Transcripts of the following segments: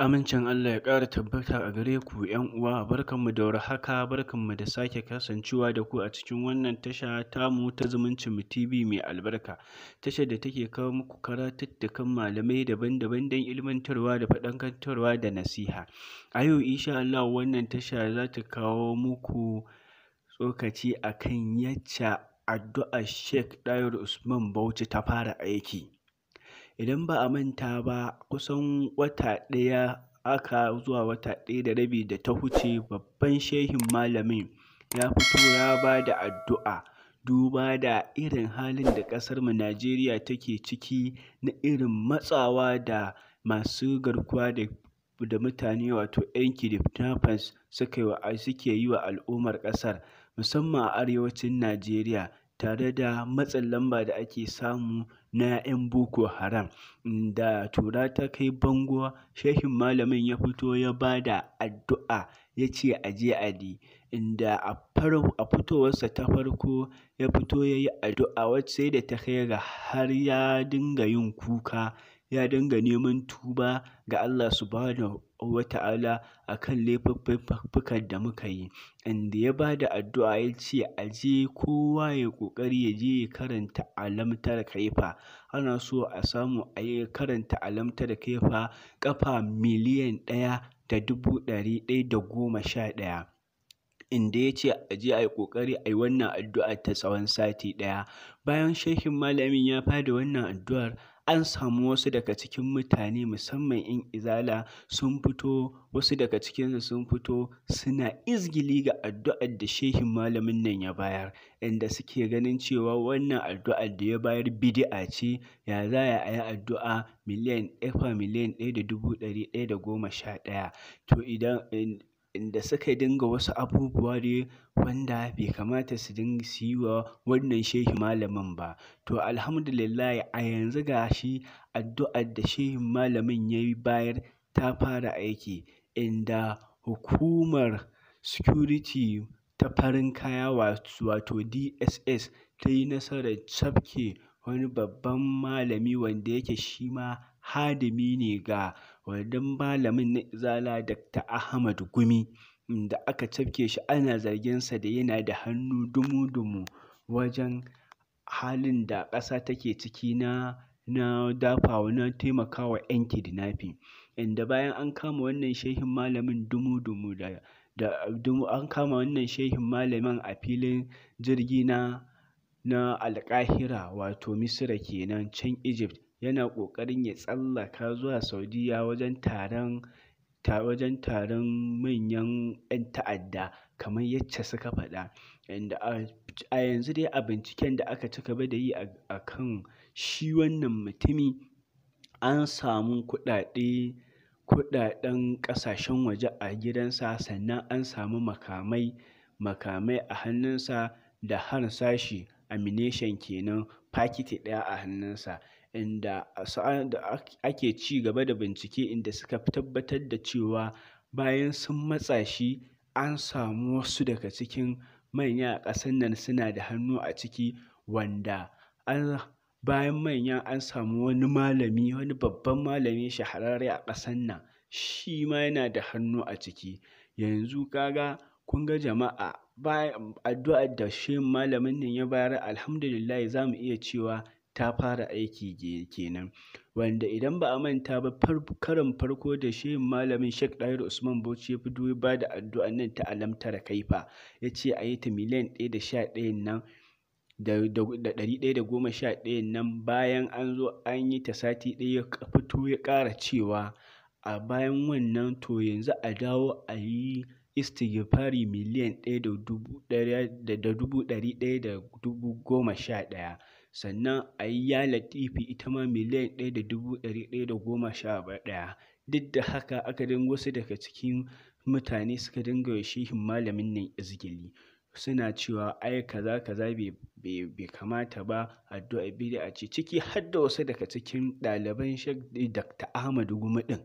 Amincin Allah ya ƙara tabbata a gare ku ‘yan uwa, barkanmu da warhaka, barkanmu da sake kasancewa da ku a cikin wannan tasha tamu ta mu TV mai albarka. Tasha da take kawo muku karatuttukan malamai daban-daban don ilmantarwa da faɗakantarwa da nasiha. A yau insha Allah wannan tasha za ta kawo muku tsokaci akan kan yacca addu'ar Sheikh Ɗayar Usman Bauchi ta fara aiki. idan ba a manta ba kusan wata ɗaya aka zuwa wata ɗaya da rabi da ta huce babban shehin malamin ya fito ya ba da addu'a duba da irin halin da ƙasar mu Najeriya take ciki na irin matsawa da masu garkuwa da da mutane wato 'yan kidnappers suka suke yi wa al'ummar ƙasar musamman a arewacin Najeriya tare da matsin lamba da ake samu na 'yan boko haram da tura ta kai bango shehin malamin ya fito ya ba da addu'a ya ce aje ali inda a fitowarsa ta farko ya fito ya yi addu'a wacce da ta kai ga har ya dinga yin kuka ya dinga neman tuba ga Allah subhanahu wa ta'ala a kan laifuffukan da muka yi inda ya bada addu'a ya ce a je kowa ya ƙoƙari ya je ya karanta alamtar kaifa ana so a samu a yi karanta alamtar kaifa ƙafa miliyan ɗaya da dubu ɗari ɗaya da goma sha ɗaya inda ya ce a je a yi ƙoƙari a yi wannan addu'a ta tsawon sati ɗaya bayan shehin malamin ya fada wannan addu'ar an samu wasu daga cikin mutane musamman in izala sun fito wasu daga cikinsu sun fito suna izgili ga addu'ar da shehin malamin nan ya bayar inda suke ganin cewa wannan addu'ar da ya bayar bidi'a ce ya za a yi addu'a miliyan efa miliyan ɗaya da dubu ɗari ɗaya da goma sha ɗaya to idan inda suka dinga wasu abubuwa dai wanda bai kamata su dinga su yi wa wannan shehi malamin ba to alhamdulillah a yanzu ga shi addu'ar da shehin malamin ya yi bayar ta fara aiki inda hukumar security ta farin kaya wato DSS ta yi nasarar cafke wani babban malami wanda yake shi ma hadimi ne ga wannan malamin na izala Dr. Ahmad Gumi da aka cafke shi ana zarginsa da yana da hannu dumu-dumu wajen halin da ƙasa take ciki na na dafawa na taimakawa 'yan kidnapping inda bayan an kama wannan shehin malamin dumu-dumu da da an kama wannan shehin malamin a filin jirgi na na alƙahira wato misira kenan can egypt yana ƙoƙarin ya tsallaka zuwa Saudiyya wajen taron wajen taron manyan 'yan ta'adda kamar yacce suka faɗa. Inda a yanzu dai a binciken da aka ci gaba da yi a kan shi wannan mutumi an samu kuɗaɗe kuɗaɗen ƙasashen waje a gidansa sannan an samu makamai makamai a hannunsa da harsashi ammunition kenan fakiti ɗaya a hannunsa. inda ake ci gaba da bincike inda suka tabbatar da cewa bayan sun matsa shi an samu wasu daga cikin manya a ƙasar nan suna da hannu a ciki wanda bayan manya an samu wani malami wani babban malami shahararre a ƙasar nan shi ma yana da hannu a ciki yanzu kaga kun ga jama'a addu'ar da shi malamin nan ya bayar alhamdulillah za mu iya cewa ta fara aiki kenan wanda idan ba a manta ba karon farko da shehin malamin Sheikh Dairo Usman Bauchi ya fito ba da addu'an nan ta alamtar kaifa ya ce a yi ta miliyan ɗaya da sha nan da ɗari ɗaya da goma sha nan bayan an zo an yi ta sati ɗaya ya fito ya ƙara cewa a bayan wannan to yanzu a dawo a yi istighfari miliyan ɗaya da dubu ɗari ɗaya da dubu goma sha ɗaya sannan a yi ya latifi ita ma miliyan ɗaya da dubu ɗari ɗaya da goma sha ɗaya duk da haka aka dinga wasu daga cikin mutane suka dinga wa shehin malamin nan izgili suna cewa ai kaza kaza bai kamata ba addu'a bid'a ce ciki har da wasu daga cikin ɗaliban shek Dr. Ahmad Gumi ɗin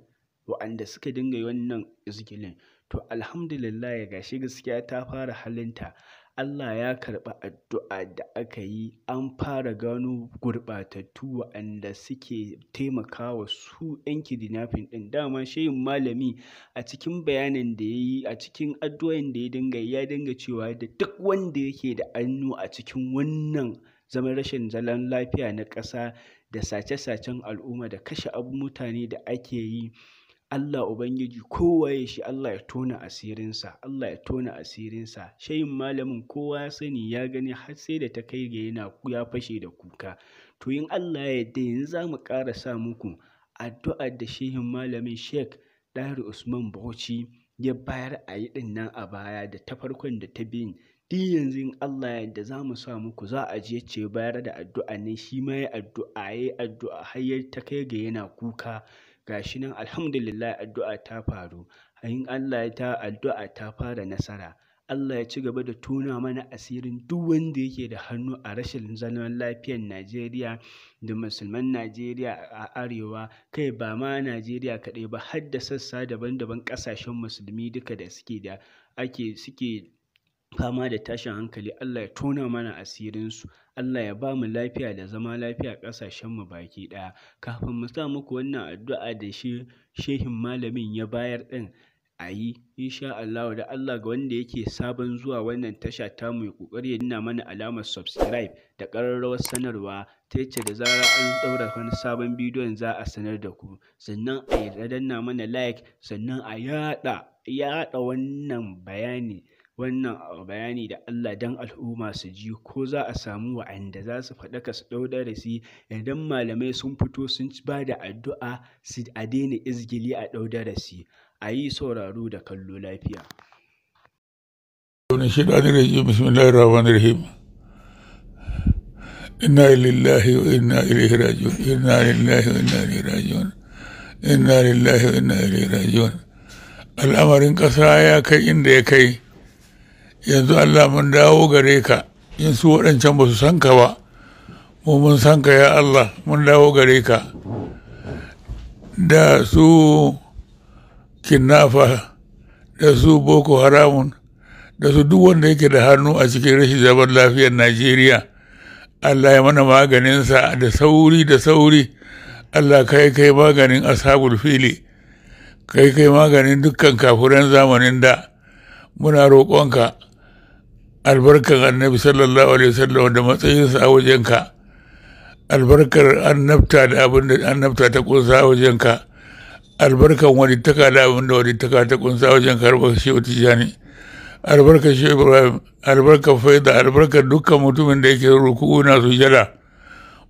waɗanda suka dinga yi wannan izgilin to alhamdulillah ya gashi gaskiya ta fara halinta Allah ya karɓi addu'a da aka yi an fara gano gurɓatattu waɗanda suke taimakawa su 'yan kidnapping ɗin dama shehin malami a cikin bayanin da ya yi a cikin addu'ayin da ya dinga ya dinga cewa da duk wanda yake da annu a cikin wannan zaman rashin zalan lafiya na ƙasa da sace-sacen al'umma da kashe abu mutane da ake yi Allah Ubangiji ya shi Allah ya tona asirinsa, Allah ya tona asirinsa, shayin malamin kowa ya sani ya gani har sai da ta kai ga yana ya fashe da kuka. To yin Allah ya yarda yanzu za mu ƙara sa muku addu'ar da shehin malamin Sheikh ɗari Usman Bauchi ya bayar a yi nan a baya da ta farkon da ta biyun. Duk yanzu yin Allah ya yadda za mu sa muku za a je ce bayar da addu'a ne shi ma ya addu'a ya addu'a har ta kai ga yana kuka. gashi nan alhamdulillah addu'a ta faru in Allah ya ta addu'a ta fara nasara Allah ya ci gaba da tona mana asirin duk wanda yake da hannu a rashin zaman lafiyar Najeriya da musulman Najeriya a arewa kai ba ma Najeriya kaɗai ba har da sassa daban-daban ƙasashen musulmi duka da suke da ake suke fama da tashin hankali Allah ya tona mana asirin su. Allah ya ba mu lafiya da zama lafiya ƙasashenmu baki ɗaya kafin mu sa muku wannan addu'a da shi shehin malamin ya bayar ɗin a yi insha Allah da Allah ga wanda yake sabon zuwa wannan tasha ta mu kokari ya nuna mana alamar subscribe da ƙararrawar sanarwa ta yace da zarar an ɗaura wani sabon bidiyon za a sanar da ku sannan a yi danna mana like sannan a yaɗa yaɗa wannan bayani wannan bayani da Allah dan al'umma su ji ko za a samu wa'anda za su faɗaka su ɗau darasi idan malamai sun fito sun ba da addu'a su a daina izgili a ɗau darasi a yi sauraro da kallo lafiya. إنا لله وإنا إليه راجعون إنا لله وإنا إليه راجعون إنا لله وإنا إليه راجعون al'amarin ƙasa ya kai inda ya kai yanzu Allah mun dawo gare ka in su waɗancan ba su san ka ba mu mun san ka ya Allah mun dawo gare ka da su kinnafa da su boko haramun da su duk wanda yake da hannu a cikin rashin zaman lafiyar najeriya allah ya mana maganinsa da sauri da sauri allah kai kai maganin ashabul fili kai kai maganin dukkan kafuran zamanin da muna roƙonka albarkar annabi sallallahu alaihi wasallam da matsayinsa a wajenka albarkar annabta da abin da annabta ta kunsa a wajenka albarkar walittaka da abin da walittaka ta kunsa a wajenka albarkar shehu tijjani albarkar shehu ibrahim albarkar faida albarkar dukkan mutumin da yake ruku'u na sujada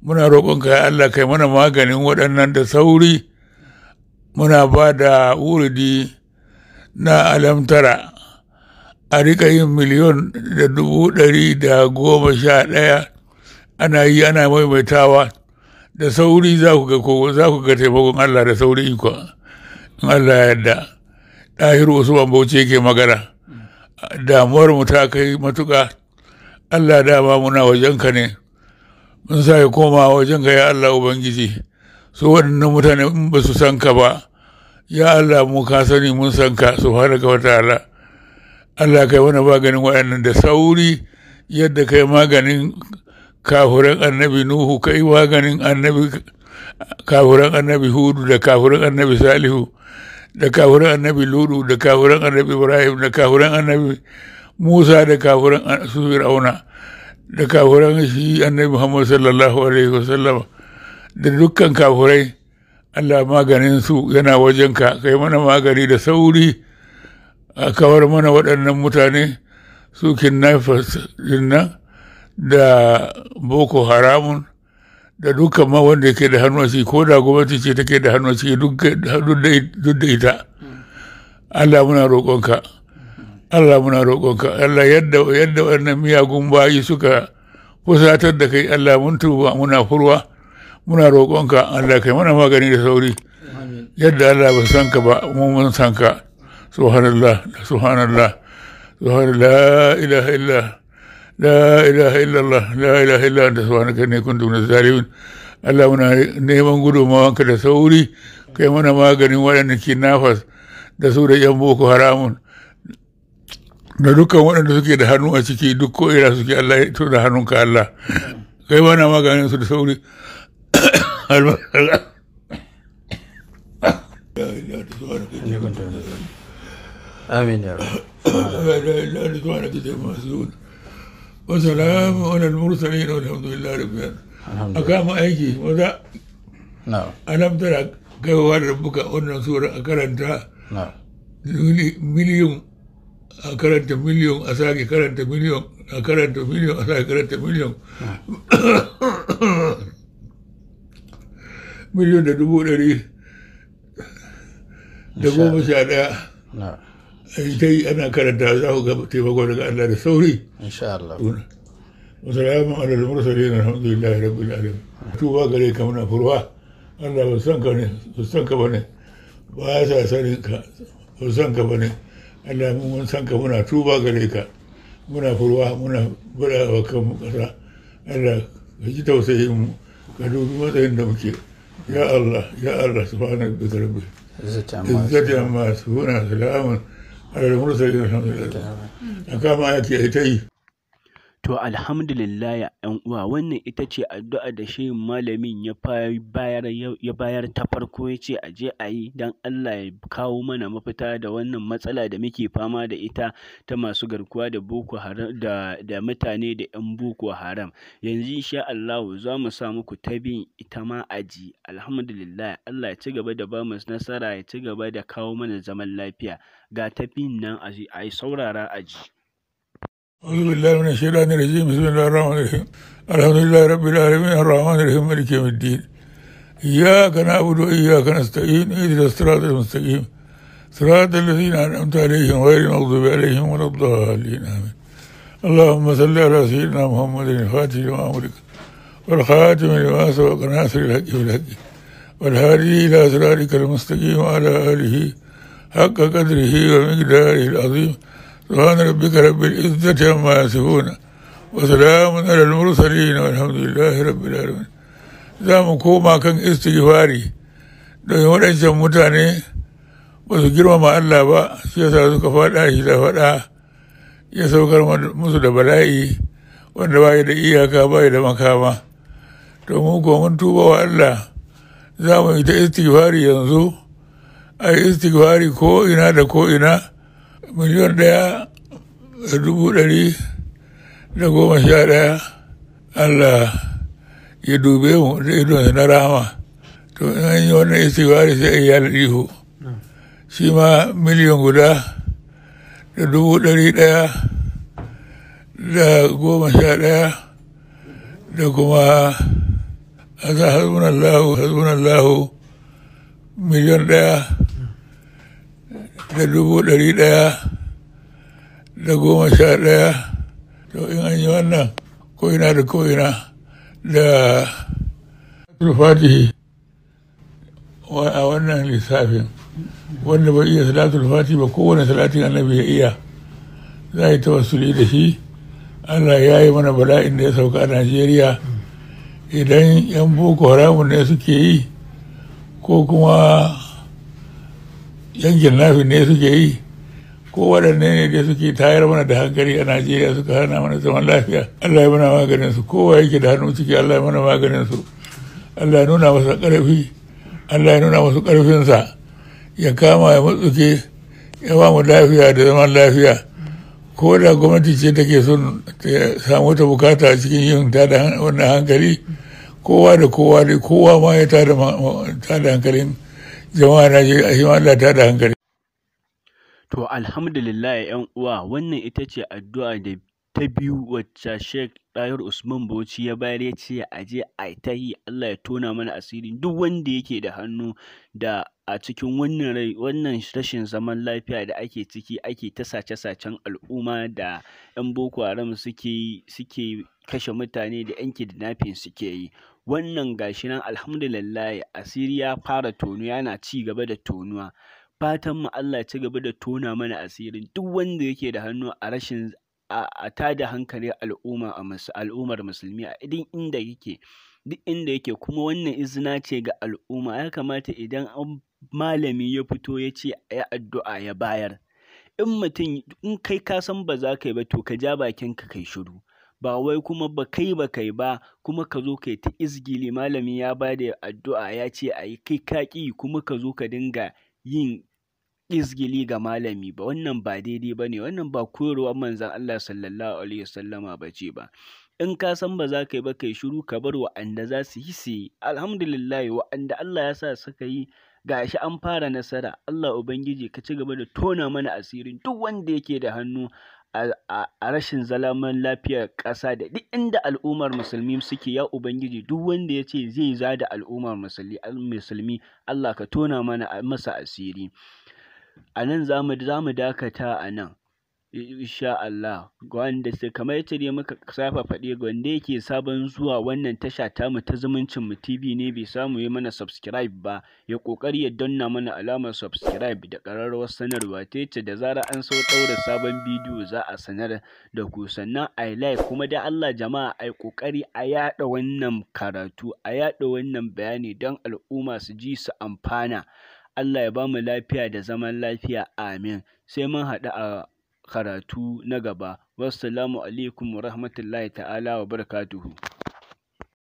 muna roƙonka ya Allah kai mana maganin waɗannan da sauri muna ba da wuridi na alamtara a rika yin miliyon da dubu ɗari da goma sha ɗaya ana yi ana maimaitawa da sauri za ku ga kogo za ku ga taimakon Allah da sauri iko in Allah ya yarda ɗahir Usman Bauchi yake magana damuwar mu ta kai matuƙa Allah dama muna wajenka ne mun sa ya koma wajenka ya Allah Ubangiji su waɗannan mutane in ba su san ka ba ya Allah mu ka sani mun san ka su subhanaka ta Allah Allah kai wani maganin waɗannan da sauri yadda kai maganin kafuran annabi Nuhu kai maganin annabi kafuran annabi Hudu da kafuran annabi Salihu da kafuran annabi Ludu da kafuran annabi Ibrahim da kafuran annabi Musa da kafuran su Fir'auna da kafuran shi annabi Muhammad sallallahu alaihi wasallam da dukkan kafurai Allah maganin su yana wajenka kai mana magani da sauri a kawar mana waɗannan mutane su kidnappers din nan da boko haramun da dukkan ma wanda ke da hannu ciki ko da gwamnati ce take da hannu ciki duk da ita Allah muna roƙonka Allah muna roƙonka Allah yadda yadda wannan miyagun bayi suka fusatar da kai Allah mun tuba muna furwa muna roƙonka Allah kai mana magani da sauri yadda Allah ba san ka ba mun san ka سبحان الله سبحان الله سبحان لا إله إلا لا إله إلا الله لا إله إلا أنت سبحانك إني كنت neman gudunmawanka da sauri kai mana maganin waɗanda ke nafas da su da yan boko haramun da dukkan waɗanda suke da hannu a ciki duk ko ira suke Allah ya da hannunka Allah kai mana maganin su da sauri آمين يا رب لا إله إلا أنت المحسود وسلام على المرسلين والحمد لله رب العالمين أقام أيكي وذا نعم ألم ترى كيف ربك أن سورة أكرنتها نعم مليون a مليون miliyon a مليون karanta مليون a karanta مليون مليون sake karanta miliyon miliyon da in dai ana karanta za ku ga taimako daga Allah da sauri insha Allah wasalamu ala al-mursalin alhamdulillahi rabbil alamin tuba gare ka muna furwa Allah ba san ka ne ba san ka bane ba sa sanin ka ba san ka bane Allah mun san ka muna tuba gare ka muna furwa muna bada wa kanmu kasa Allah ka ji tausayin mu ka dubi matsayin da muke ya Allah ya Allah subhanahu wa ta'ala izzati amma suna salamun 哎，我们自己商量商量，你看嘛，也得得。To alhamdulillah ‘yan uwa wannan ita ce addu'a da shi malamin ya bayar ya bayar ta farko ya ce a je a yi don Allah ya kawo mana mafita da wannan matsala da muke fama da ita ta masu garkuwa da boko haram da, da mutane da ‘yan boko haram. Yanzu insha Allah za mu sa muku ta bin ita ma aji ji. Alhamdulillah Allah ya ci gaba da ba mu nasara ya ci gaba da kawo mana zaman lafiya. Ga ta bin nan a saurara aji ji. أعوذ بالله من الشيطان الرجيم بسم الله الرحمن الرحيم الحمد لله رب العالمين الرحمن الرحيم ملك يوم الدين إياك نعبد وإياك نستعين اهدنا الصراط المستقيم صراط الذين أنعمت عليهم غير المغضوب عليهم ولا الضالين آمين اللهم صل على سيدنا محمد الفاتح لما أمرك والخاتم لما سبق ناصر الحق بالحق والهادي إلى أسرارك المستقيم وعلى آله حق قدره ومقداره العظيم سبحان ربك رب العزة عما يصفون وسلام على المرسلين والحمد لله رب العالمين za mu koma kan istighfari don waɗancan mutane ba su girmama Allah ba shi yasa suka faɗa shi da faɗa ya saukar musu da bala'i wanda ba da iyaka ba da makama to mu ko mun tuba wa Allah za mu yi ta istighfari yanzu a yi istighfari ko ina da ko ina miliyan ɗaya da dubu ɗari da goma sha ɗaya Allah ya dube mu da idonsa na rama. to in an yi wannan wari sai ya ihu shi ma miliyan guda da dubu ɗari ɗaya da goma sha ɗaya da kuma a za hasbunan lahu. miliyan ɗaya da dubu ɗari ɗaya da goma sha ɗaya to in an yi wannan ko'ina da ko'ina da fati a wannan lissafin wanda bai iya salatul fati ba kowane salatin annabi ya iya za yi tawassuli da shi allah ya yi mana bala'in da ya sauka a najeriya idan yan boko haramun ne suke yi ko kuma yankin nafi ne suke yi ko waɗanne ne da suke tayar mana da hankali a najeriya suka hana mana zaman lafiya allah ya mana maganin su kowa yake da hannu ciki allah ya mana maganin su allah ya nuna masa ƙarfi allah ya nuna masu ƙarfinsa ya kama ya matsuke ya ba mu lafiya da zaman lafiya ko da gwamnati ce take son ta samu ta bukata cikin yin da wannan hankali kowa da kowa dai kowa ma ya tada hankalin jama'a na ji a Allah ta da hankali to alhamdulillah yan uwa wannan ita ce addu'a da ta biyu wacce Sheikh Dayar Usman Bauchi ya bayar ya ce a je a ta Allah ya tona mana asiri duk wanda yake da hannu da a cikin wannan rai wannan rashin zaman lafiya da ake ciki ake ta sace-sacen al'umma da 'yan Boko Haram suke suke kashe mutane da 'yan kidnapping suke yi wannan gashi nan alhamdulillahi asiri ya fara tono yana ci gaba da tonuwa fatan mu Allah ci gaba da tona mana asirin duk wanda yake da hannu a rashin a tada hankali al'umma al'ummar musulmi a idin inda yake duk inda yake kuma wannan izina ce ga al'umma ya kamata idan malami ya fito ya ce ya addu'a ya bayar in mutum in kai ka san ba za ka yi ba to ka ja bakin ka kai shiru ba wai kuma ba kai ba kai ba kuma ka zo kai ta izgili malami ya ba da addu'a ya ce a yi kai ka kuma ka zo ka dinga yin izgili ga malami ba wannan ba daidai ba ne wannan ba koyarwar manzan Allah sallallahu alaihi wasallama ba ce ba in ka san ba za ka yi ba kai shiru ka bar wa'anda za su yi su yi alhamdulillah wa'anda Allah ya sa suka yi gashi an fara nasara Allah ubangiji ka ci gaba da tona mana asirin duk wanda yake da hannu a rashin zalaman lafiyar ƙasa da duk inda al'ummar musulmi suke ya ubangiji duk wanda ya ce zai za da al'ummar musulmi Allah ka tona mana masa asiri a nan za mu dakata a nan insha Allah wanda kamar yadda ne muka saba faɗi wanda yake sabon zuwa wannan tasha ta mu ta zumuncin mu TV ne bai samu yi mana subscribe ba ya kokari ya danna mana alamar subscribe da ƙararrawar sanarwa ta yace da zara an so daura sabon bidiyo za a sanar da ku sannan ai like kuma da Allah jama'a ai kokari a yada wannan karatu a yada wannan bayani don al'umma su ji su amfana Allah ya ba mu lafiya da zaman lafiya amin sai mun haɗu a karatu na gaba. Wassalamu alaikum rahmatullahi ta'ala wa wabarakatuhu.